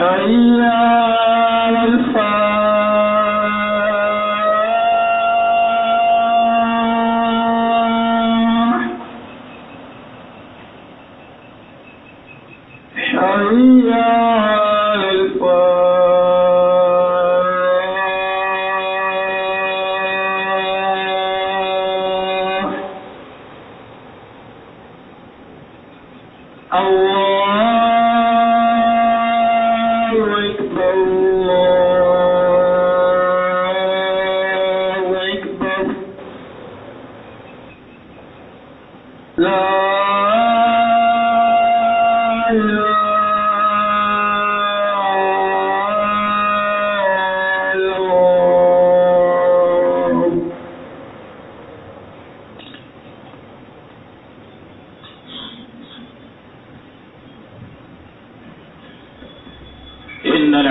كلا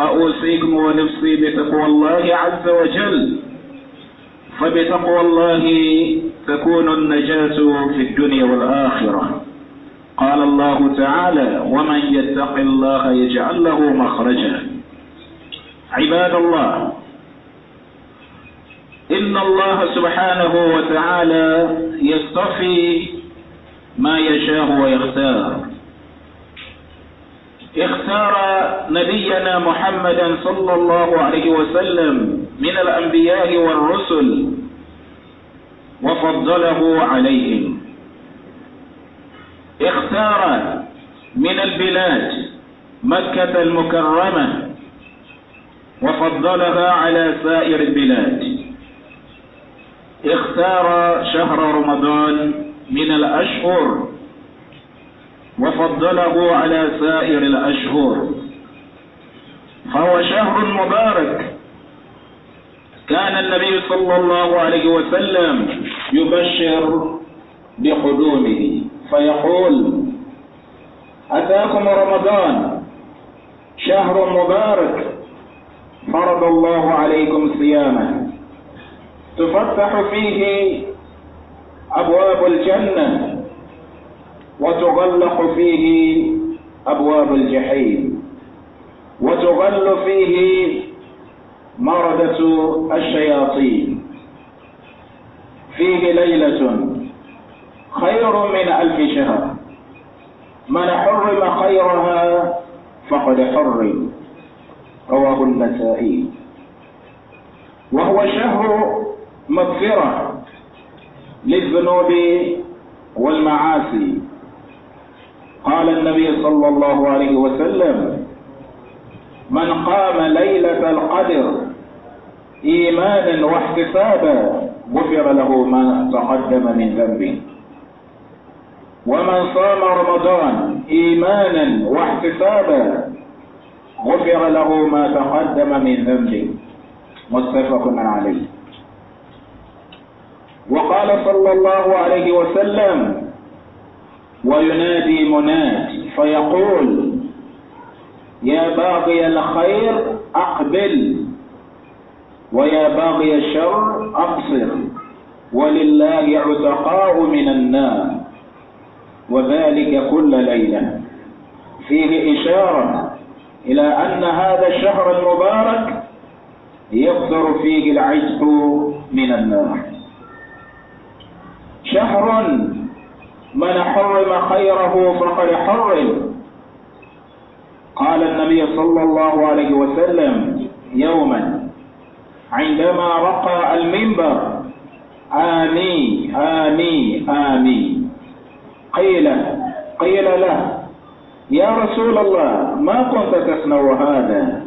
فأوصيكم ونفسي بتقوى الله عز وجل فبتقوى الله تكون النجاة في الدنيا والآخرة قال الله تعالى ومن يتق الله يجعل له مخرجا عباد الله إن الله سبحانه وتعالى يصطفي ما يشاء ويختار اختار نبينا محمدا صلى الله عليه وسلم من الأنبياء والرسل وفضله عليهم اختار من البلاد مكة المكرمة وفضلها على سائر البلاد اختار شهر رمضان من الأشهر وفضله على سائر الأشهر فهو شهر مبارك كان النبي صلى الله عليه وسلم يبشر بقدومه فيقول أتاكم رمضان شهر مبارك فرض الله عليكم صيامه تفتح فيه أبواب الجنة وتغلق فيه أبواب الجحيم وتغل فيه مردة الشياطين فيه ليلة خير من ألف شهر من حرم خيرها فقد حرم رواه النسائي وهو شهر مغفرة للذنوب والمعاصي قال النبي صلى الله عليه وسلم من قام ليلة القدر إيمانا واحتسابا غفر له ما تقدم من ذنبه ومن صام رمضان إيمانا واحتسابا غفر له ما تقدم من ذنبه متفق عليه وقال صلى الله عليه وسلم وينادي مناد فيقول يا باغي الخير أقبل ويا باغي الشر أقصر ولله عتقاء من النار وذلك كل ليلة فيه إشارة إلى أن هذا الشهر المبارك يكثر فيه العتق من النار شهر من حرم خيره فقد حرم قال النبي صلى الله عليه وسلم يوما عندما رقى المنبر آمين آمين آمين قيل قيل له يا رسول الله ما كنت تصنع هذا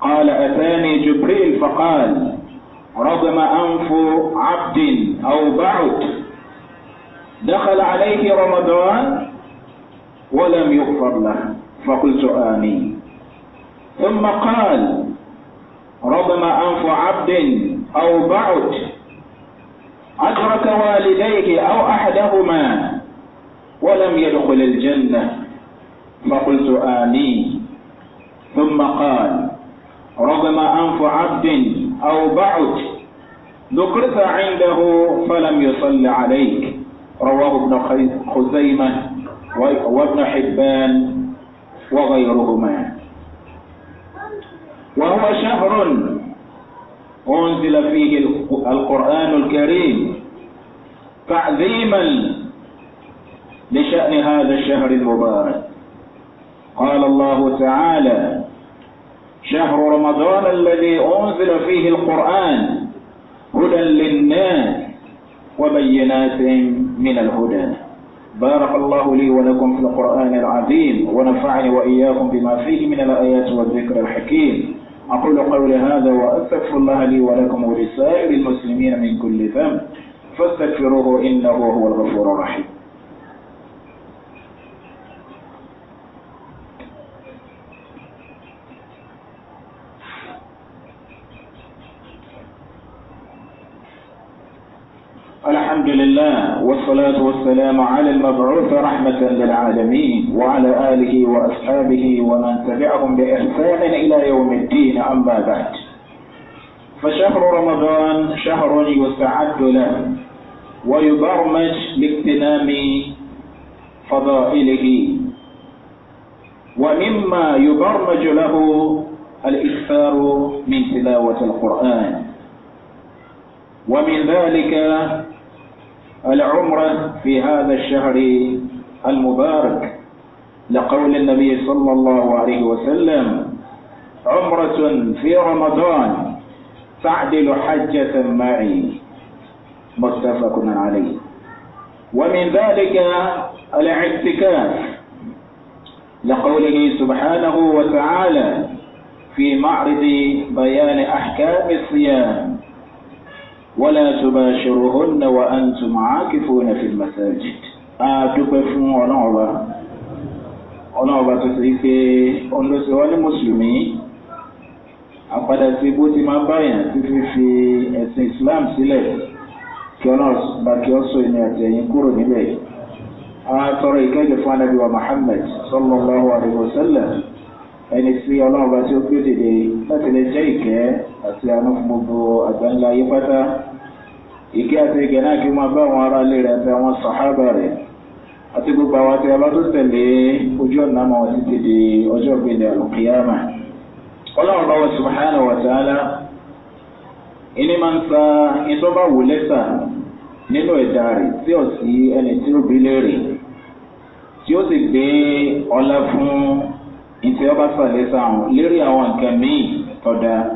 قال أتاني جبريل فقال رغم أنف عبد أو بعد دخل عليه رمضان ولم يغفر له فقلت آمين ثم قال ربما أنف عبد أو بعد أدرك والديه أو أحدهما ولم يدخل الجنة فقلت آمين ثم قال ربما أنف عبد أو بعد ذكرت عنده فلم يصل عليك رواه ابن خزيمة وابن حبان وغيرهما وهو شهر أنزل فيه القرآن الكريم تعظيما لشأن هذا الشهر المبارك قال الله تعالى شهر رمضان الذي أنزل فيه القرآن هدى للناس وبينات من الهدى بارك الله لي ولكم في القرآن العظيم ونفعني وإياكم بما فيه من الآيات والذكر الحكيم أقول قولي هذا وأستغفر الله لي ولكم ولسائر المسلمين من كل ذنب فاستغفروه إنه هو الغفور الرحيم الحمد لله والصلاة والسلام على المبعوث رحمة للعالمين وعلى آله وأصحابه ومن تبعهم بإحسان إلى يوم الدين أما بعد فشهر رمضان شهر يستعد له ويبرمج لاغتنام فضائله ومما يبرمج له الإكثار من تلاوة القرآن ومن ذلك العمرة في هذا الشهر المبارك لقول النبي صلى الله عليه وسلم عمرة في رمضان تعدل حجة معي متفق عليه ومن ذلك الاعتكاف لقوله سبحانه وتعالى في معرض بيان أحكام الصيام wala tubashiruhunna wa antum aakifuna fil masajid. a dúpẹ́ fún ọlọ́run ọba ọlọ́run ọba tó ti pé òun ló ṣe wá ní mùsùlùmí àpadà sí bó ti máa báyàn tí fífi ẹ̀sìn islam sílẹ̀ kí ọlọ́run bá kí ọ sọ ìní àti ẹ̀yìn kúrò níbẹ̀. a tọrọ ìkẹ́jọ fún anabi wa muhammed sallallahu alayhi wa sallam ẹni sí ọlọ́run tí ó gbé dìde láti lè jẹ́ ìkẹ́ àti àwọn gbogbo àgbáńlá yí pátá ìkí àti ìkẹ́ náà kí wọ́n bá àwọn ará ilé rẹ̀ àti àwọn sàhábà rẹ̀ àti gbogbo àwọn àti abá tó tẹ̀lé ojú ọ̀nà àmọ́ wọn títí di ọjọ́ ìgbìlẹ̀ àlùkìyàmà ọlọ́run bá wọn subahana wa ta'ala ìní máa ń sa ìtọ́ba wò lẹ́sà nínú ẹ̀dá rẹ̀ tí ò sí ẹni tí ó bí léèrè tí ó sì gbé ọlá fún ìtẹ́ ọba sàlẹ́sà lérí àwọn nǹkan míì tọ́da.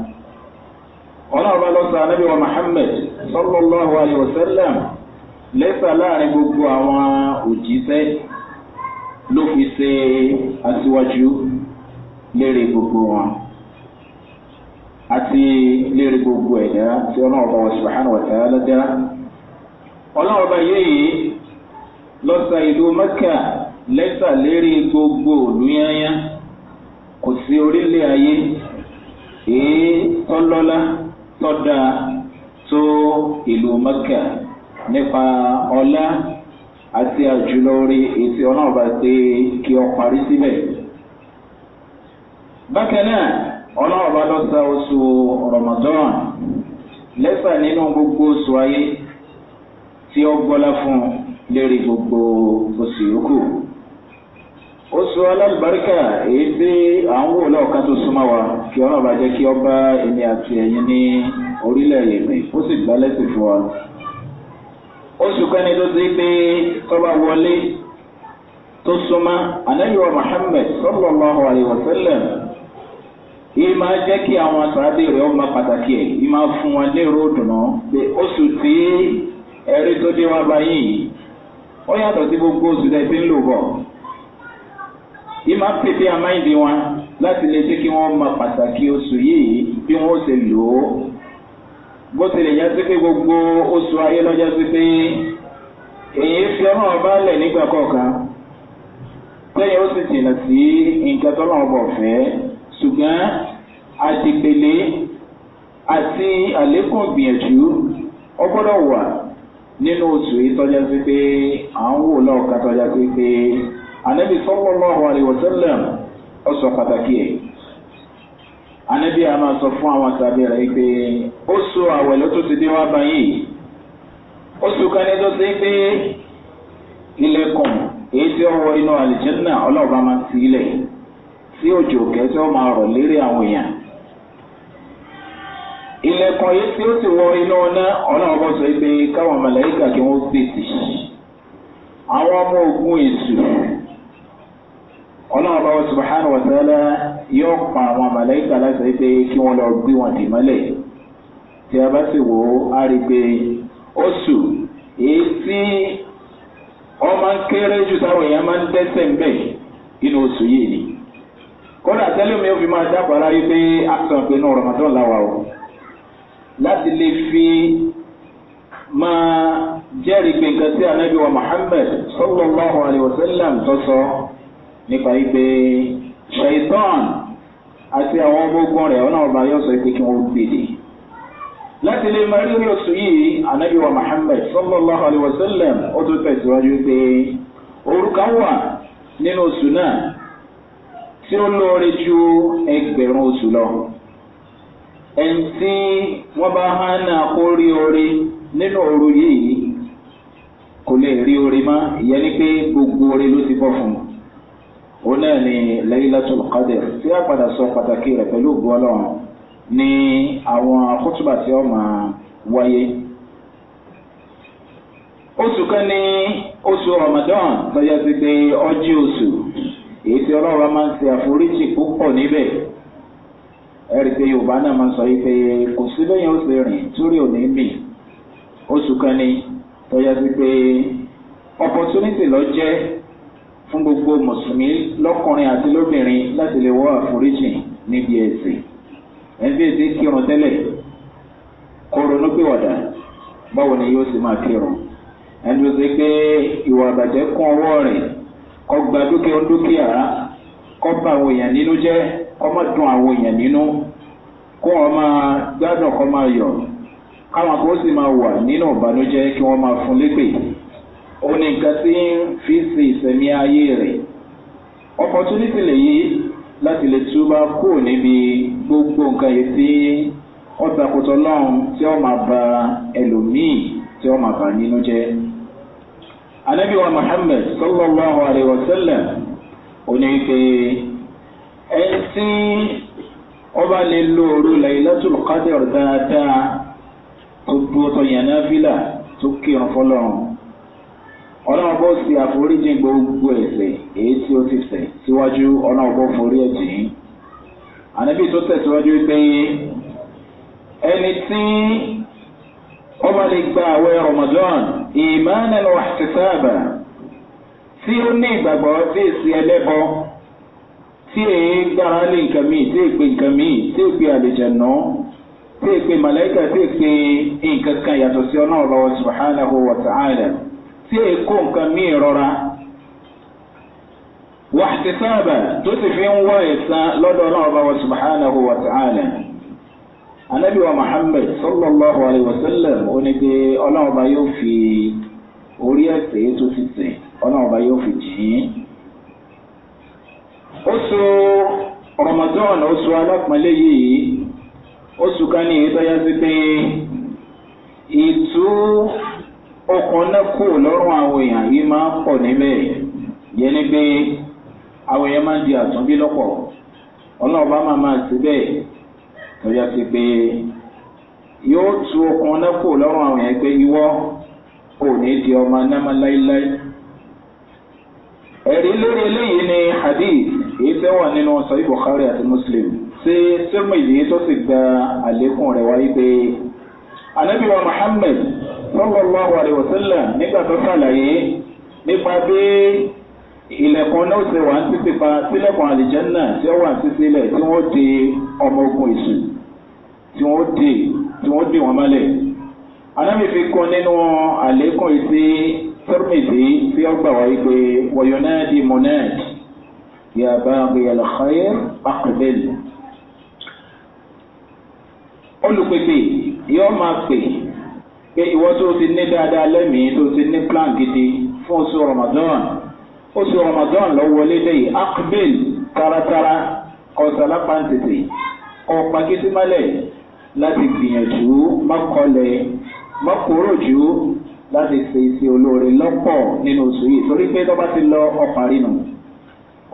ọlọ́run bá lọ anábì wa muhammed sallallahu alayhi wa sallam lẹ́sà láàrin gbogbo àwọn òjíṣẹ́ ló fi ṣe aṣíwájú gbogbo wọn àti léèrè gbogbo ẹ̀dá tí ọlọ́run bá wọ subahana wa ta'ala dá ọlọ́run bá ìlú mẹ́kà lẹ́sà gbogbo kò sí orílẹ̀ ayé èé tọ́lọ́lá. tọ́da tó ìlú mẹ́kà nípa ọlá àti àjùlọ orí ètò ọlọ́ọ̀bá pé kí ọ parí síbẹ̀. bákan náà ọlọ́ọ̀bá lọ sa oṣù rọmọdọ́n lẹ́sà nínú gbogbo oṣù ayé tí ó gbọ́lá fún lérí gbogbo oṣù yòókù oṣù alábàríkà èyí tí à ń wò lọ́ọ̀kan tó súnmọ́ wa kí ọlọ́run bá jẹ́ kí ọ bá èmi àti ẹ̀yin ní orílẹ̀ èmi ó sì gbá lẹ́sìn fún wa. oṣù kẹ́ni tó ti pé tọ́ba wọlé tó súnmọ́ anáyọ̀ muhammed sọ́lọ́láhùn àlèwọ̀sẹ́lẹ̀ yìí máa jẹ́ kí àwọn àtàdé rẹ̀ ọmọ pàtàkì ẹ̀ yìí máa fún wọn ní ìró dùnà pé oṣù tí ẹ̀rí tó dé wá báyìí ó yàtọ̀ sí gbogbo oṣù tẹ̀ fi ń lò bọ̀ ìmá pèsè àmáyìndì wọn láti lè jẹ́ kí wọ́n mọ pàtàkì oṣù yìí bí wọ́n ṣe lò ó bó tilẹ̀ yá sí pé gbogbo oṣù ayé lọ́jọ́ sí pé èyí fi ọlọ́run ọba lẹ̀ nígbà kọ̀ọ̀kan sẹ́yìn ó sì jìnnà sí nǹkan tọ́lọ́run bọ̀ fẹ́ ṣùgbọ́n àdìgbèlé àti àlékún ìgbìyànjú ọ gbọ́dọ̀ wà nínú oṣù yìí tọ́já sí pé à ń wò lọ́ọ̀ka tọ́já sí pé. anabi sọlọ́lọ́hu àlèwòsẹ́lẹ̀m ó ọsọ pàtàkì ẹ̀ anabi a máa sọ fún àwọn àtàbí rẹ̀ pé ó so àwẹ̀ lọ́tún ti dé wá báyìí ó so ká ní tó ṣe pé ilẹ̀kùn èyí tí ó wọ inú àlìjẹ́nà ọlọ́ọ̀bá máa ti ilẹ̀ tí òjò kẹ́ ó máa rọ̀ lérí àwọn èèyàn tí ó sì wọ inú ọ̀nà sọ pé káwọn mọ̀lẹ́kà kí wọ́n ọlọ́run bá wọn subahana wa sálá yóò pa àwọn màláìka láti rí pé kí wọ́n lọ gbé wọn dì mọ́lẹ̀ tí a bá sì wò ó a rí pé oṣù èyí tí wọ́n máa ń kéré jù táwọn èèyàn máa ń dẹ́sẹ̀ ń bẹ̀ nínú yìí ramadan o láti lè fi máa jẹ́rìí pé nǹkan tí wa nípa wípé ṣèitán àti àwọn ọmọ ogun rẹ̀ ọ̀nà ọba yóò sọ pé kí wọ́n gbèdè. láti lè máa rírí oṣù yìí anabi muhammed sallallahu alayhi wa sallam ó tún tẹ̀síwájú pé orúkọ wà nínú oṣù náà tí ó lóore ju ẹgbẹ̀rún oṣù lọ. ẹni tí wọ́n bá hánà kó rí orí nínú òru yìí kò lè rí orí mọ́ ìyẹn ni pé gbogbo orí ló ti bọ́ fún un. Ona ni laylatul kádìr tí a padà sọ pàtàkì rẹ̀ pẹ̀lú ògbó ọlọ́run ní àwọn kótóbà tí ó máa wáyé. oṣù kan ní oṣù ramadan lọ́jọ́ ti gbé ọjí oṣù èyí tí ọlọ́run máa ń ṣe àforíjì púpọ̀ níbẹ̀ ẹ̀rí pé yorùbá náà máa ń sọ yìí pé kò sí lẹ́yìn oṣù rìn torí òní bì oṣù kan ní lọ́jọ́ ti gbé opportunity lọ jẹ́ fún gbogbo mùsùlùmí lọ́kùnrin àti lóbìnrin láti lè wọ́ àforíjì níbi ẹ̀sìn ẹ̀bí ètè kírun tẹ́lẹ̀ kó ronú pé wàdà báwo ni yóò sì máa kírun ẹni tó ṣe pé ìwà àbàjẹ́ kún ọwọ́ rẹ̀ kọ́ gba dúkìá dúkìá kọ́ bá àwọn èèyàn nínú jẹ́ kọ́ má dun àwọn èèyàn nínú kó wọn máa gbádùn kọ́ máa yọ̀ káwọn kó sì máa wà nínú ìbànújẹ́ kí wọ́n máa fún lépè òun ni nǹkan tí ń fi ṣe ìsẹ̀mí ayé rẹ̀ opportunity lèyí láti lè túbá kúrò níbi gbogbo nǹkan yìí tí ọ̀tàkùtọ̀ náà tí ó máa ba ẹlòmíì tí ó máa bà nínú jẹ́. anabi wa muhammed sallallahu alayhi wa sallam òní pé ẹ o ọba lè lo òru lẹ́yìnlẹ́tò kádẹ́rù dáadáa tó dúró tó yẹn náà ọlọ́run bó ti àforíjì gbogbo ẹ̀sẹ̀ èyí tí ó ti sẹ̀ síwájú ọlọ́run bó forí ẹ̀jẹ̀ yìí. ànábì tó tẹ̀síwájú pé ẹni tí ó bá lè gba àwẹ̀ ramadan ìmọ̀ọ́nà lọ́wọ́ àti sáàbà tí ó ní ìgbàgbọ́ tí èsì ẹlẹ́bọ tí èyí gbára lé nǹkan míì tí èpè nǹkan míì tí èpè àlejò náà tí èpè màlẹ́kà tí èpè nǹkan kan yàtọ̀ sí ọlọ́run lọ́wọ́ subhanahu wa ta'ala. Sie èkó nǹkan ní ìrora wàhtisaaba tó sì fi ń wá ẹ̀sán lọ́dọ̀ náà bá wa subhanahu wa ta'ala anabi wa muhammed sallallahu alayhi wa sallam onígbé ọlọ́run bá yóò fi orí ẹ̀sẹ̀ tó ti tẹ̀ ọlọ́run bá yóò fi jìn oṣù ramadan oṣù alápọ̀nlé yìí oṣù kan ní ìtọ́jà sí pé ìtú. ọkàn náà kò lọ́rùn àwọn èèyàn yìí máa ń pọ̀ níbẹ̀ yẹn ni pé àwọn èèyàn máa ń di àtúnbí lọ́pọ̀ ọlọ́ọ̀bá máa máa ti bẹ́ẹ̀ tọ́jà sí pé yóò tu ọkàn náà kò lọ́rùn àwọn èèyàn pé ìwọ́ kò ní di ọmọ anáma láíláí. ẹ̀rí lórí eléyìí ni hadith èyí tẹ́ wà nínú sọ́yìn buhari àti muslim ṣé sẹ́mi ìdíyẹ tó sì gba àlékún rẹ̀ wáyé pé anabiwa muhammed sọ́lọ́lá wàlẹ̀wọ̀sẹ́lẹ̀ nígbà tó sàlàyé nípa bí ilẹ̀kùn náà ṣe wà ń títí pa sílẹ̀kùn àlìjẹ́nà tí ó wà títí ilẹ̀ tí wọ́n di ọmọ ogun èṣù tí wọ́n di tí wọ́n di wọn mọ́lẹ̀. anábì fi kún nínú àlékún ìsí tẹ́rmìtì tí ó gbà wáyé pé wọ̀yọ̀ náà di monad yàbá àgbéyàlẹ̀ xayé àkùbẹ́lì. olùpèpè yóò máa pè pé ìwọ tó ti ní dáadáa lẹ́mìí tó ti ní plan gidi fún oṣù ramadan oṣù ramadan lọ wọlé lẹ́yìn akbil taratara kọsàlápá ń tètè ọ̀pá kìtìmọ́lẹ̀ láti gbìyànjú mọ́kànlẹ̀ mọ́kòròjú láti ṣe iṣẹ́ olóore lọ́pọ̀ nínú oṣù yìí torí pé tọ́ba ti lọ ọ̀pá rínu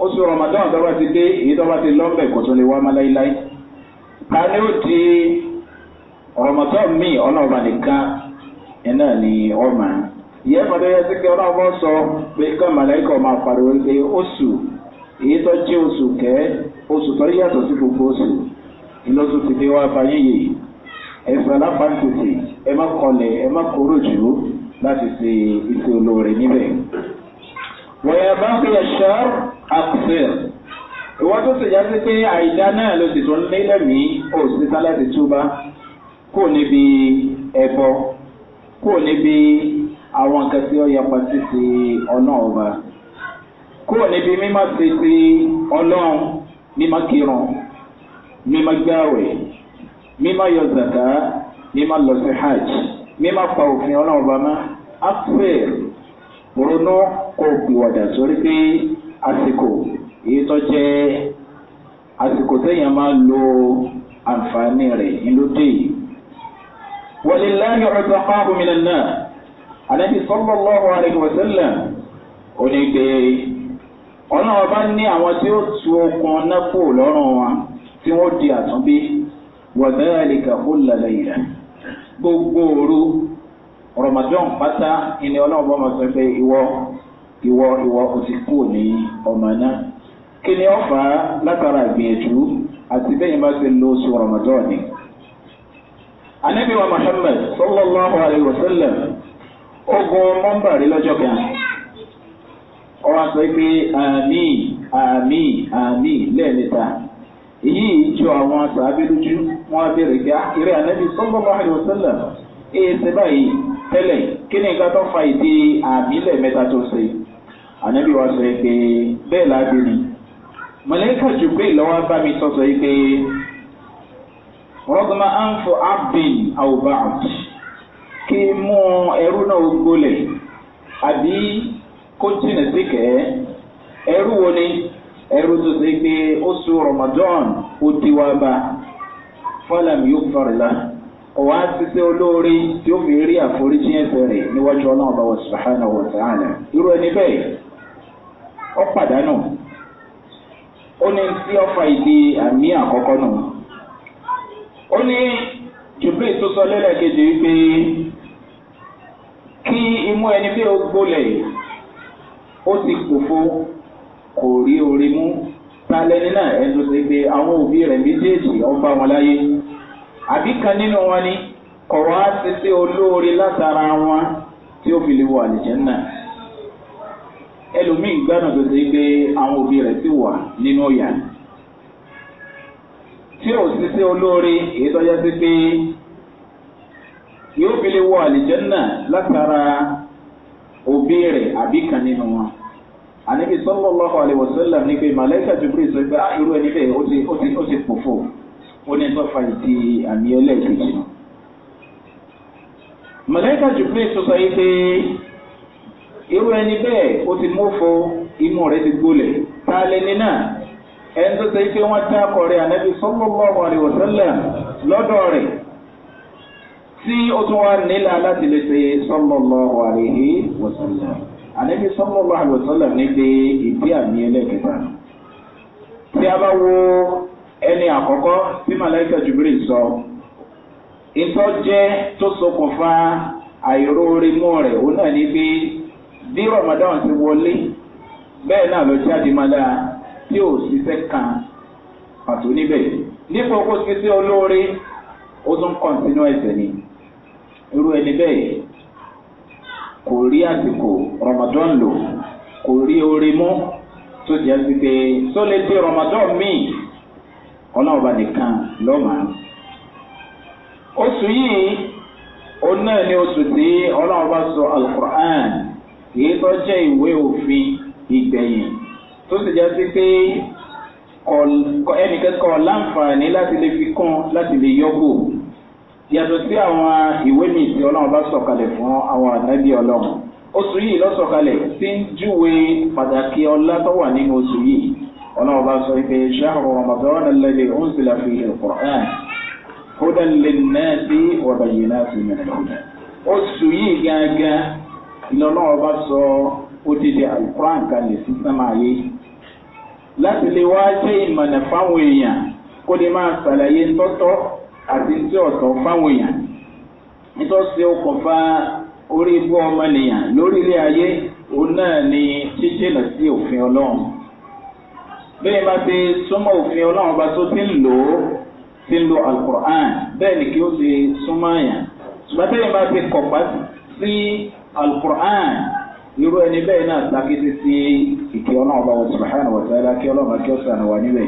oṣù ramadan tọ́ba ti dé èyí tọ́ba ti lọ́ńbẹ̀ kò tún lè wá má láíláí ta ni ó di ramadan míì ọlọ́ọ̀bà nìkan yẹn ni ọ mà á ìyẹn pàtó yẹ sí pé ọlọ́wọ́ sọ pé kọ́ màláìkọ̀ máa pariwo pé oṣù èyí tó jẹ́ oṣù kẹ́ oṣù tó yàtọ̀ sí gbogbo oṣù ìlọsùn ti fi wá fàyè yìí ẹ̀fẹ̀ alápàtìtì ẹ má kọlẹ̀ ẹ má kóró jù láti ṣe iṣẹ́ olóore níbẹ̀. wọ̀nyẹ bá fi ẹ̀ṣọ́ àkùsẹ̀ ìwọ́n tó ṣèjá sí pé àìdá náà ló sì tún lé lẹ́mìí òṣìṣẹ́ láti túbá kò níbi ẹ̀bọ kúrò níbi àwọn nǹkan tí ó yapa sí ti ọlọ́run ọba kúrò níbi mímá sí ti ọlọ́run mímá kírun mímá gbáwẹ̀ mímá yọ zàkà mímá lọ sí hajj mímá pa òfin ọlọ́run ọba mọ́ afẹ́r ronú kó gbìwàdà sórí pé àsìkò èyí tó jẹ́ àsìkò téèyàn máa lo àǹfààní rẹ̀ ńlọdẹ yìí wàlíláyà ọ̀dọ̀ ọ̀hún mi nà ànábi sọ́lọ́lọ́hu àlẹ́wọ̀sẹ́lẹ̀ ò ní pé ọlọ́run bá ní àwọn tí ó tu okun náfò lọ́rùn wa tí wọ́n di àtúnbí wọ̀dẹ́rẹ́lì kàkó lálẹ́yìn rẹ̀ gbogbo òru rọmọdún pátá ìní ọlọ́run bá máa sọ pé ìwọ ìwọ ìwọ o ti kú ní ọmọ náà kí ni ọ̀fà látara ìgbìyànjú àti bẹ́ẹ̀ yẹn bá ti lo oṣù rọmọdún ni anabi wa muhammed sallallahu alayhi wa sallam ogun mọ́mbàrí lọ́jọ́ kan ọ wá sọ pé àmì àmì àmì lẹ́ẹ̀mẹta èyí ìjọ àwọn sàbẹ̀lójú wọn á bèrè gá ah, eré anabi sallallahu alayhi wa sallam èyí ṣe báyìí tẹ́lẹ̀ kí ni nǹkan tó fa ìdí àmì lẹ́ẹ̀mẹta tó ṣe anabi wa sọ pé bẹ́ẹ̀ lábẹ́ni mọ̀lẹ́kà jù pé ìlọ́wọ́ bá mi sọ sọ pé. rọ́gbọ́n anfọ abin aubard kí mú ẹrú náà gbolẹ̀ àbí kó jìnà sí kẹ́ ẹrú wo ni ẹrú tó ṣe pé oṣù ramadan ó ti wá bá fọlàm yóò fọrìlá ọ̀wá ṣiṣẹ́ olóore tí ó fi rí àforíjì ẹsẹ̀ rẹ̀ níwájú ọlọ́run wọ subahana wa ta'ala irú ẹni bẹ́ẹ̀ ọ ó ní tí ọ ìdí àmì ó ní jùbírí tó sọ lẹ́lẹ́kejì wípé kí imú ẹni bí ó gbólẹ̀ ó ti pòfo kò rí orí mú talẹ́ni náà ẹni tó ti gbé àwọn òbí rẹ̀ méjèèjì ọba wọn láyé àbí kan nínú wọn ni kọ̀wá ti sí olóore látara wọn tí ó fi lè wọ àlìjẹ́ náà ẹlòmíì gbádùn tó ti gbé àwọn òbí rẹ̀ sì wà nínú ìyá ni tí ò sí sí olóore èyí tó yẹ sí pé yóò fi lè wọ àlìjẹ́nà látara òbí rẹ̀ àbí kan nínú wọn. àníbi sọ́lọ́ lọ́kọ̀ àlèwọ̀sọ́lá ní pé màlẹ́kà jùbìrì sọ pé ah, irú ẹni bẹ́ẹ̀ ó ti ó ti ó ti pòfò ó ní tọ́fà ìdí àmì ẹlẹ́ẹ̀kejì nù. màlẹ́kà sọ sọ yìí pé irú ẹni bẹ́ẹ̀ ó ti mófo imú rẹ̀ ti gbólẹ̀ tá a náà. ẹni tó ṣe pé wọ́n ti akọ̀rẹ́ ànábi sọ́lọ́lọ́ọ̀mù àríwọ̀sẹ́lẹ̀ lọ́dọ̀ tí ó tún wá nílà láti lè ṣe sọ́lọ́lọ́ọ̀mù àríwọ̀sẹ́lẹ̀ ní pé ìdí àmì tí a bá wo ẹni tí sọ tó ṣokùnfà àìróorimú rẹ̀ òun náà ní bí ramadan ti wọlé bẹ́ẹ̀ náà ló jáde máa tí ò ṣiṣẹ́ kan pàtó níbẹ̀ nípa owó ṣiṣẹ́ olóore ó tún kàn sínú ẹ̀sẹ̀ ni irú ẹni bẹ́ẹ̀ kò rí àsìkò ramadan lò kò rí orí mú tó jẹ́ sí pé sólè tí ramadan míì ọlọ́ọ̀bá nìkan lọ́màá oṣù yìí òun ni oṣù tí ọlọ́ọ̀bá sọ alukur'an kì í tọ́jú ìwé òfin ìgbẹ̀yìn tó sì já sí pé ẹnìkẹ́kọ̀ọ́ láǹfààní láti lè fi kún láti lè yọ́kù yàtọ̀ sí àwọn ìwé mi tí ọlọ́run bá sọ̀kalẹ̀ fún àwọn ànábì ọlọ́run oṣù yìí lọ́sọ̀kalẹ̀ tí ń júwe pàtàkì ọlá tó wà nínú oṣù yìí ọlọ́run bá sọ pé ṣáàrù ramadan lẹ́lẹ̀ ó ń sílẹ̀ fi ìfọ̀rán kódà lè náà sí ọ̀rọ̀ yìí náà sí mẹ́rin oṣù yìí gángan ìlọ́lọ́run bá sọ odidi alukóran kalẹ̀ sí sẹ́máyé láti lè wá jẹ́ ìmọ̀nà fáwọn èèyàn kó lè máa ṣàlàyé ńtọ́tọ́ àti tí ọ̀tọ̀ fáwọn èèyàn nítòsí okùnfà orí ibú ọmọnìyàn lórílẹ̀ ayé òun náà ni jíjìnà sí òfin ọlọ́run bẹ́ẹ̀ bá ti súnmọ́ òfin ọlọ́run bá tó ti ń lò ó ti ń lo alukur'an bẹ́ẹ̀ ni kí ó ti súnmọ́ àyàn ṣùgbọ́n bẹ́ẹ̀ bá ti kọ̀pá sí alukur'an. irú ẹni bẹ́ẹ̀ náà lákété sí ìkẹ́ ọlọ́run ọtụtụ wọn ọtụtụ wa kí ọlọ́run kí ọ̀sán wà níbẹ̀.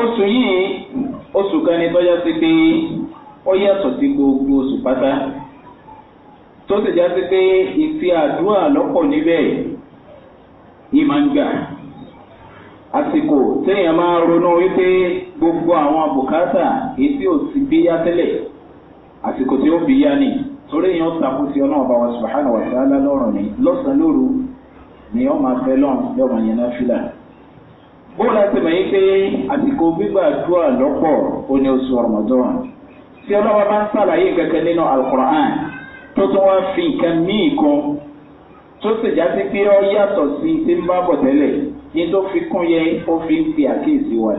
oṣù yìí oṣù kan tọ́já sí gbogbo oṣù pátá tó sì já sí pé ìfi àdúrà lọ́pọ̀ níbẹ̀ máa ń gbà àsìkò téèyàn máa ronú wípé gbogbo àwọn àbùkátà ti bí yá tẹ́lẹ̀ àsìkò tí ó fi yá torí èèyàn takò sí ọlọ́run bá wa subahana wa sàálà lọ́rùn ni lọ́sàn-án lóru ni wọ́n máa fẹ́ lọ́rùn lọ́rùn yẹn náà fìlà. bóòlù àti mọ̀ yín pé àsìkò gbígbàdúrà lọ́pọ̀ ó ní oṣù ọ̀rọ̀mọ̀dọ́rùn. tí ọlọ́run bá ń sàlàyé kẹ̀kẹ́ nínú alukur'an tó tún wá fi nǹkan míì kan tó sì já sí pé ọ yàtọ̀ sí ti ń bá bọ̀ tẹ́lẹ̀ ní tó fi kún yẹ ó fi ń fi àkíyèsí wa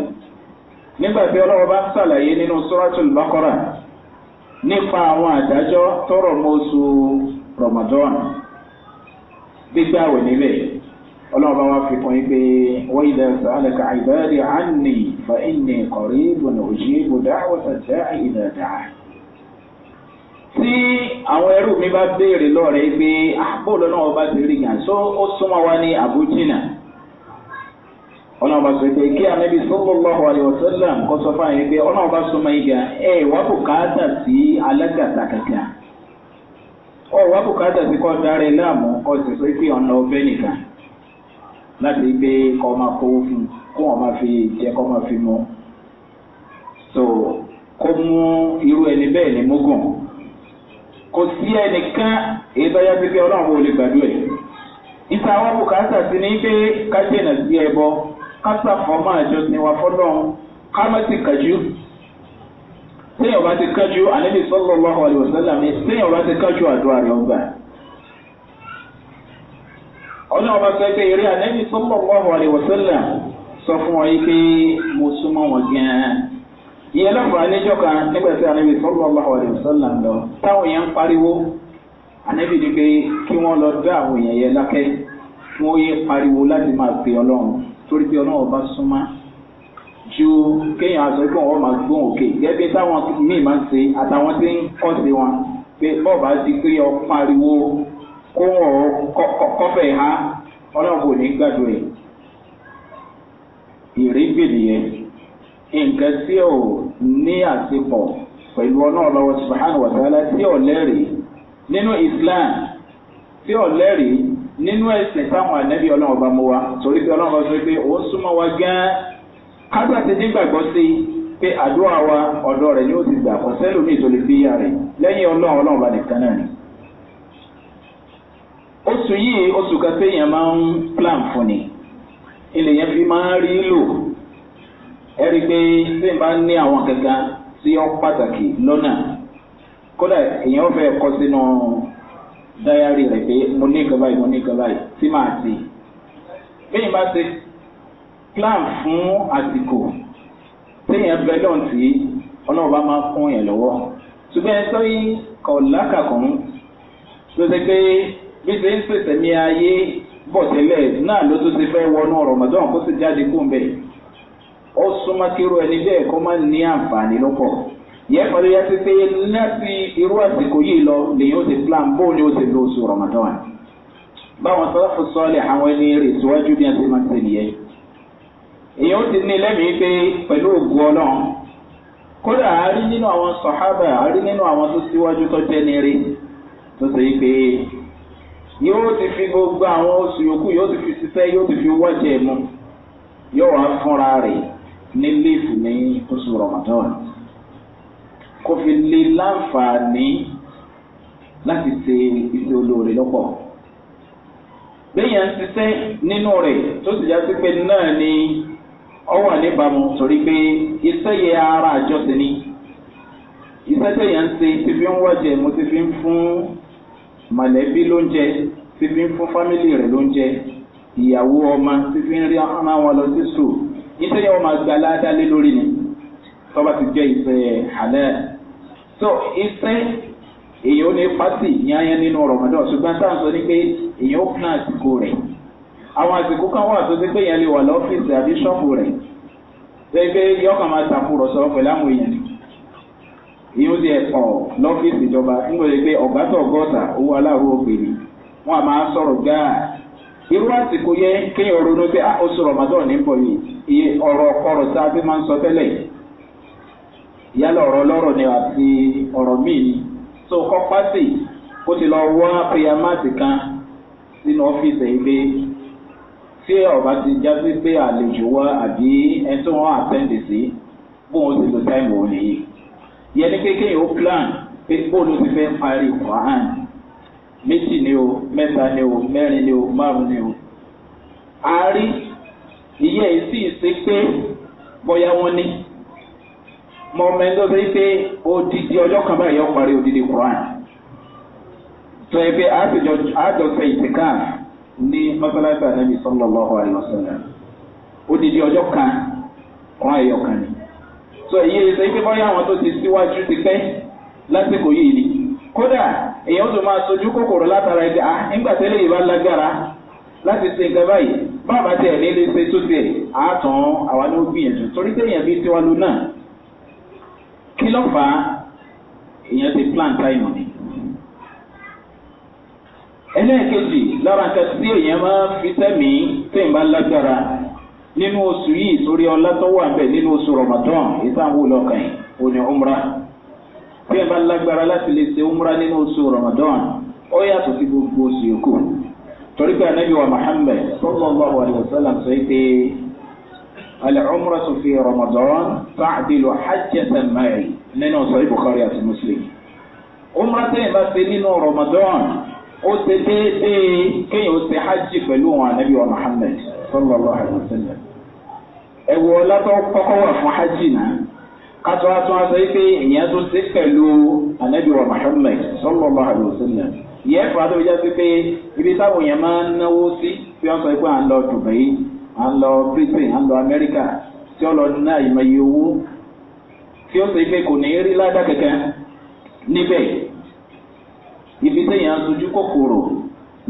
nígbà tí ọlọ́run bá ń sàlàyé nínú sọ́ràtúl bákọ́rà nípa àwọn àdájọ́ tọrọ mọ oṣù ramadan gbígbà wẹ̀ níbẹ̀ ọlọ́ọ̀bá wa fi kún yín pé wọ́n yìí dẹ́sẹ̀ alẹ́ka àìbáyé àní fa kọ̀rí bùnà òjì bùdá àwọ̀sà jẹ́ tí àwọn ẹrú mi bá béèrè lọ́ọ̀rẹ́ pé àbúrò náà ọba ti rí yàn ó súnmọ́ wa ní àbújínà. ọlọ́run bá sọ pé kí anabi sallallahu alaihi wasallam kọ́ sọ fún àyè pé ọlọ́run bá sọ máa ga ẹ wá bùkátà sí alágàtà kàkà ọ wá bùkátà sí kọ́ darí láàmú kọ́ sì sọ pé ọ̀nà ọbẹ̀ nìkan láti gbé kọ́ máa kówó fún kó wọn máa fi jẹ kọ́ máa fi mú so kó mú irú ẹni bẹ́ẹ̀ ní mógùn kò sí ẹnìkan èyí tó yá pé ọlọ́run ò lè gbàdúrà ìta wá bùkátà sí ní pé kájẹ́ nà sí ẹbọ kásà fún ọmọ àjọ tí wà fọlọ́run ká má ti kàjú téèyàn bá ti kánjú ànábì sọlọ lọhùn àlùwọsálà mi téèyàn bá ti kánjú àdúrà rẹ ọgbà. ọ̀nà ọba sọ pé eré ànábì sọlọ lọhùn àlùwọsálà sọ fún ọ yìí pé mo súnmọ́ wọn gan-an. ìyẹn lọ́fọ̀ àníjọ́ kan nígbà tí ànábì sọlọ lọhùn àlùwọsálà lọ táwọn èèyàn ń pariwo ànábì ni pé kí wọ́n lọ dá àwọn èèyàn yẹn lákẹ́ kí wọ́n pariwo láti máa pè ọlọ́run torí pé ọlọ́run bá súnmọ́ ju kéèyàn aṣọ pé wọ́n máa gbóhùn òkè gẹ́gẹ́ bí táwọn míì máa ń ṣe àtàwọn tí ń kọ́ sí wọn pé bọ́ọ̀bá ti pé ọ pariwo kó wọ́n kọ́fẹ̀ ha ọlọ́run kò ní gbàdúrà ẹ̀ ìrìngbìlì yẹn nǹkan tí ò ní àṣepọ̀ pẹ̀lú ọlọ́run lọ́wọ́ subahana wa ta'ala tí ò lẹ́rìí nínú islam tí ò lẹ́rìí nínú ẹ̀sìn táwọn ànẹ́bí ọlọ́run ọba mọ wa torí pé ọlọ́run ọba sọ pé òun súnmọ́ wa gán-an kágbà ti dín gbàgbọ́ sí i pé àdúrà wa ọ̀dọ́ rẹ̀ ni ó ti gbà kọ́ sẹ́lò ní ìtòlè bí ìyá rẹ̀ lẹ́yìn ọlọ́run ọlọ́run ọba nìkan náà ni. oṣù yìí oṣù kan téèyàn máa ń plan fún ni ilẹ̀ yẹn fi máa ń rí lò ẹ rí i pé tí n bá ní àwọn kankan tí ó pàtàkì lọ́nà kódà èèyàn fẹ́ kọ́ sínú dáyàrí rẹ̀ pé mo ní nǹkan báyìí mo ní nǹkan báyìí tí màá ti. bẹ́ẹ̀ bá ṣe plan fún àsìkò téèyàn bẹ lọ́n tí ọlọ́run bá máa fún yẹn lọ́wọ́ ṣùgbọ́n ẹ sọ yìí kọ̀ lákàkùn ló ṣe pé bí ṣe ń pèsè ní ayé bọ̀ tẹ́lẹ̀ náà ló tún ti fẹ́ wọnú rọ̀mọ̀dán kó sì jáde kó ń bẹ̀ ó súnmọ́ kíró ẹni bẹ́ẹ̀ kó má ní àǹfààní lọ́pọ̀. yẹ ya yẹ tètè láti irú àsìkò yìí lọ lèyìn ó ti plan ni ó ti lo oṣù ramadan báwọn àwọn ẹni rè síwájú máa ń yẹ. èyàn ti ní lẹ́mìí pé pẹ̀lú ògùn ọlọ́run kódà a rí nínú àwọn sọ̀hábà a rí nínú àwọn tó síwájú tó jẹ́ ní rí ti fi gbogbo àwọn oṣù yòókù yóò ti fi ṣiṣẹ́ yóò ti fi wọ́jẹ̀ mu yóò wá fúnra rẹ̀ ní lífù ní oṣù ramadan. kó fi lè láǹfààní láti ṣe iṣẹ́ olóore lọ́pọ̀. Béèyàn ṣiṣẹ́ nínú rẹ̀ tó sì já sí pé náà ni ọ wà níbàámu sọ̀rí pé iṣẹ́ yẹ ara àjọsìn ni. Iṣẹ́ tẹ̀yàn ń ṣe ti fi ń wọ́jẹ̀ mo ti fi ń fún mọ̀lẹ́bí lóúnjẹ ti fi ń fún fámìlì rẹ̀ lóúnjẹ ìyàwó ọmọ ti fi ń rí ọmọ wọn lọ sí sùn. Iṣẹ́ yẹn wọ́n máa gba aládàá lórí ni tọ́ba ti jẹ́ iṣẹ́ halẹ́ so ìsìn èyàn ò ní pàtì yányán nínú rọmọdán ṣùgbọ́n tá à ń sọ ni pé èyàn ó plan àsìkò rẹ̀ àwọn àsìkò kan wà tó ti pé yẹn lè wà lọ́fíìsì àbí ṣọ́ọ̀bù rẹ̀ pé yọkàn máa àwọn èèyàn ó ti ìjọba pé owó aláàrú wọn a máa sọ̀rọ̀ gáà irú àsìkò yẹn kéèyàn ronú pé ó sọ rọmọdán ní bọ̀ yìí ọ̀rọ̀ ọ̀kọ̀rọ̀ yálà ọ̀rọ̀ lọ́rọ̀ ni àti ọ̀rọ̀ míì ni so kọ́ pátì kó ti lọ wá pèyàmáàtì kan sínú ọ́fíìsì yìí pé tí ọba ti jásí pé àlejò wá àbí ẹni tó wọn àtẹ́ǹdì sí bóun ti lo táìmù òun nìyí yẹn ní kékeré ó plan pé bóun ti fẹ́ parí quran méjì ni o mẹ́ta ni o mẹ́rin ni o márùn ni o a rí ìyẹ́ ìsì ìsepé bóyá wọ́n ní. mọ mẹ ló sọ pé odidi ọjọ ya báyìí ọparí odidi quran sọ yẹ pé àjọsọ odidi ọjọ ni èyí àwọn tó ti síwájú ti pẹ lásìkò yìí ni kódà máa sojú kòkòrò látara ẹgbẹ à tẹlẹ lágbára láti ṣe nǹkan báyìí ní ilé ṣe tó àwọn gbìyànjú torí pé èèyàn tiwa lu náà. kí ló fà á ìyẹn ti plan táìmù ni. ẹlẹ́ẹ̀kejì lára nǹkan tí èèyàn máa fi sẹ́mi tẹ̀yìn bá lágbára nínú oṣù yìí sórí ọlá tó wà bẹ́ẹ̀ nínú oṣù rọ̀mọ̀tàn èyí tá à ń wò yìí ò umra tẹ̀yìn bá lágbára láti lè ṣe umra nínú oṣù rọ̀mọ̀tàn ó yàtọ̀ sí gbogbo oṣù yòókù torí pé anabi wa muhammed sọ́kọ́ ọgbà wà ní ọ̀sán làm sọ pé. العمرة Ramadan رمضان تعدل حجة معي nínú sọ̀rọ̀ bukhari àti muslim Umar tẹ́yìn bá ṣe nínú ramadan ó ṣe déédéé kéèyàn ó ṣe hajj pẹ̀lú àwọn anabi wa muhammed sallallahu alayhi wa sallam ẹ wọ látọ wà fún hajj náà kátó àtún aṣọ tó ṣe anabi wa muhammed sallallahu alayhi wa sallam yẹ ibi táwọn máa ń náwó sí à ń lọ britain à ń lọ amẹ́ríkà tí ó lọ ná ìmọ̀ye owó tí ó sì pé kò ní rí ládà kankan níbẹ̀ ibi téèyàn sojú kòkòrò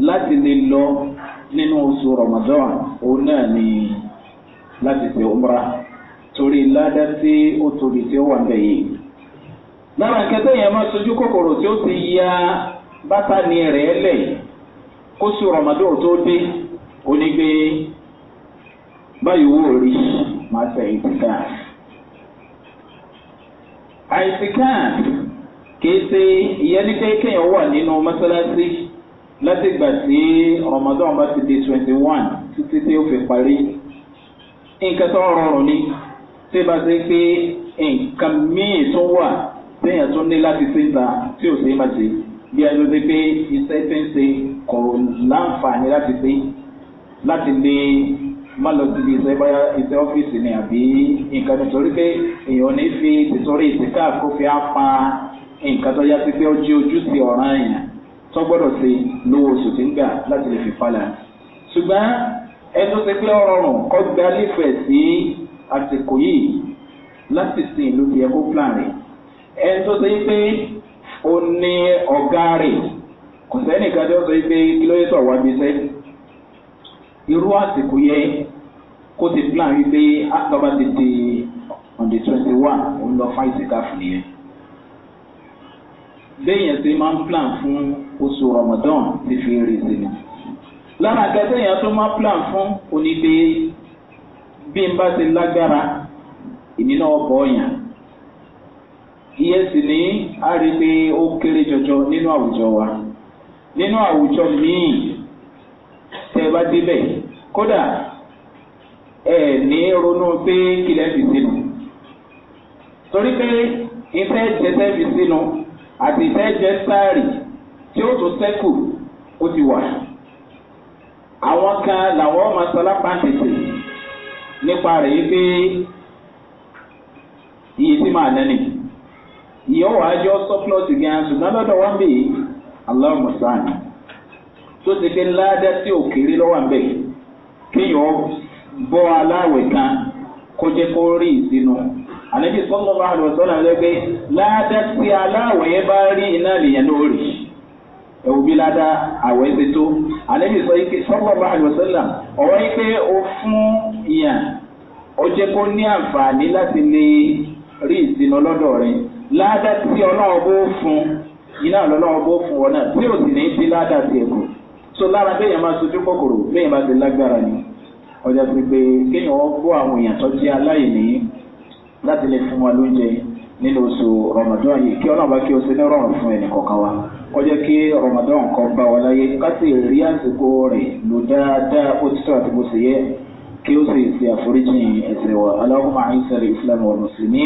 láti lè lọ nínú oṣù ramadan òun náà ni láti ṣe umra torí ládà tí ó tóbi tí ó wà níbẹ̀ yìí lára kẹtẹ yẹn máa sojú kòkòrò tí ó ti ya bátà ni rẹ̀ lẹ̀ kó sùn ramadan tó dé onígbé báyìí owó rí máa ṣe ìtìkáà àìsíkáà kìí ṣe ìyẹn ní kéèkéèyàn wà nínú mọ́ṣáláṣí látìgbà tí ramadan bá ti di twenty one títí tí ó fi parí nǹkan tó rọrùn ni tí bá ṣe pé nǹkan míì tó wà téèyàn tó ní láti síta tí ò sí máa ṣe bí a ló dé pé iṣẹ́ tí ń ṣe kò láǹfààní láti ṣe láti lè má lọ síbi iṣẹ́ báyá iṣẹ́ ọ́fíìsì ni àbí nǹkan nítorí pé èèyàn ní fi tìtorí ìtìká kó fi pa nǹkan tó yá sí pé ó jí ojúṣe ọ̀ràn èèyàn tó gbọ́dọ̀ sí lówó oṣù tí ń gbà láti lè fi falẹ̀. ṣùgbọ́n ẹni tó ti pé ọ̀rọ̀rùn kọ́ gba nífẹ̀ẹ́ sí àsìkò yìí láti sin ìlú ti ẹkú plan rẹ̀. ẹni ti pé ó ní ọ̀gá rẹ̀ kò sẹ́nìkan tó ti pé kí ló yẹ tó wá bí sẹ́yìn irú àsìkò yẹ kó ti plan wípé àtọ́ba ti di on the twenty one òun lọ fún ìsìnká fún yẹn. béèyàn ti máa ń plan fún oṣù ramadan ti fi rí ìsinmi. lára akẹ́kẹ́ yẹn tó máa plan fún òní pé bí n bá ti lágbára èmi náà bọ̀ ọ̀yàn. iye sì ní a rí i pé ó kéré jọjọ nínú àwùjọ wa nínú àwùjọ míì tẹ ẹ bá débẹ̀ kódà ẹ ní ronú pé kílẹ̀ fi sínú torí pé ìfẹ́ jẹsẹ́ fi sínú àti ìfẹ́ jẹ sáàrì tí ó tún sẹ́kù ó ti wà àwọn kan làwọn ọmọ sọlá pàǹtẹ̀tẹ̀ nípa rẹ̀ yìí pé iye tí màá nẹ́ni ìyẹn wàá jọ sọ́plọ́ọ̀tì gan ṣùgbọ́n lọ́dọ̀ wọn bèè aláwọ̀ mọ̀sáàni tó ti fi ńlá dá sí òkèèrè lọ́wọ́ àbẹ̀yẹ. kéèyàn bọ́ aláwẹ̀ kan kó jẹ́ kó rí ìsinú ànábì sọ́nà bá sọ́nà lẹ́gbẹ́ tí aláwẹ̀ yẹn bá rí iná lèyẹn ló rí ẹ̀wù bí ládá àwẹ̀ ti tó ànábì ike sọ́nà sọ́nà ọ̀rọ̀ yìí pé o fún ìyàn jẹ́ kó ní àǹfààní láti rí ìsinú lọ́dọ̀ tí bó fún iná bó fún ọ náà ti so lára kéèyàn máa sojú kòkòrò kéèyàn máa ti lágbára ni ọjà pé pé kéèyàn wọ́n gbọ́ àwọn èèyàn tó jẹ́ aláìní láti lè fún wa lóúnjẹ nínú oṣù rọmọdún yìí kí ọlọ́run bá kí o ṣe ní rọrùn fún ẹnì kọ̀ọ̀kan wa ọjọ́ kí rọmọdún kan bá wa láyé ká sì rí àsìkò rẹ̀ lò dáadáa ó ti sọ àti bó ṣe yẹ kí ó sì ṣe àforíjì ẹsẹ̀ wa aláwọ̀ àìsàn islam wa mùsùlùmí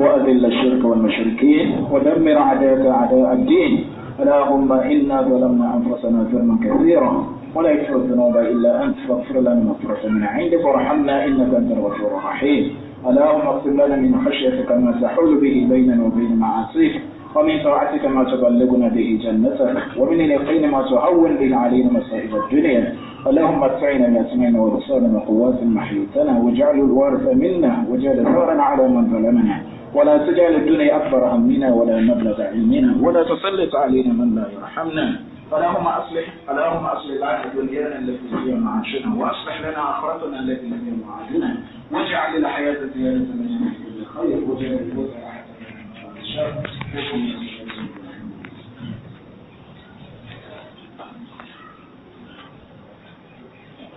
wa abilà shirka wa mashirki wa dàmíràn àdáyàtà àdáyà àdéhìn. اللهم إنا ظلمنا أنفسنا ظلما كثيرا ولا يغفر الذنوب إلا أنت فاغفر لنا ما من عندك وارحمنا إنك أنت الغفور الرحيم اللهم اغفر لنا من خشيتك ما تحول به بيننا وبين معاصيك ومن طاعتك ما تبلغنا به جنتك ومن اليقين ما تهون به علينا مصائب الدنيا اللهم اتعنا ما سمعنا وبصرنا وقوات محيتنا واجعل الوارث منا واجعل ثارا على من ظلمنا ولا تجعل الدنيا أكبر همنا ولا مبلغ علمنا ولا تسلط علينا من لا يرحمنا اللهم أصلح اللهم أصلح لنا دنيانا التي فيها معاشنا وأصلح لنا آخرتنا التي فيها معادنا واجعل الحياة زيادة من في كل خير واجعل الموت راحة من كل شر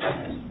Thank you.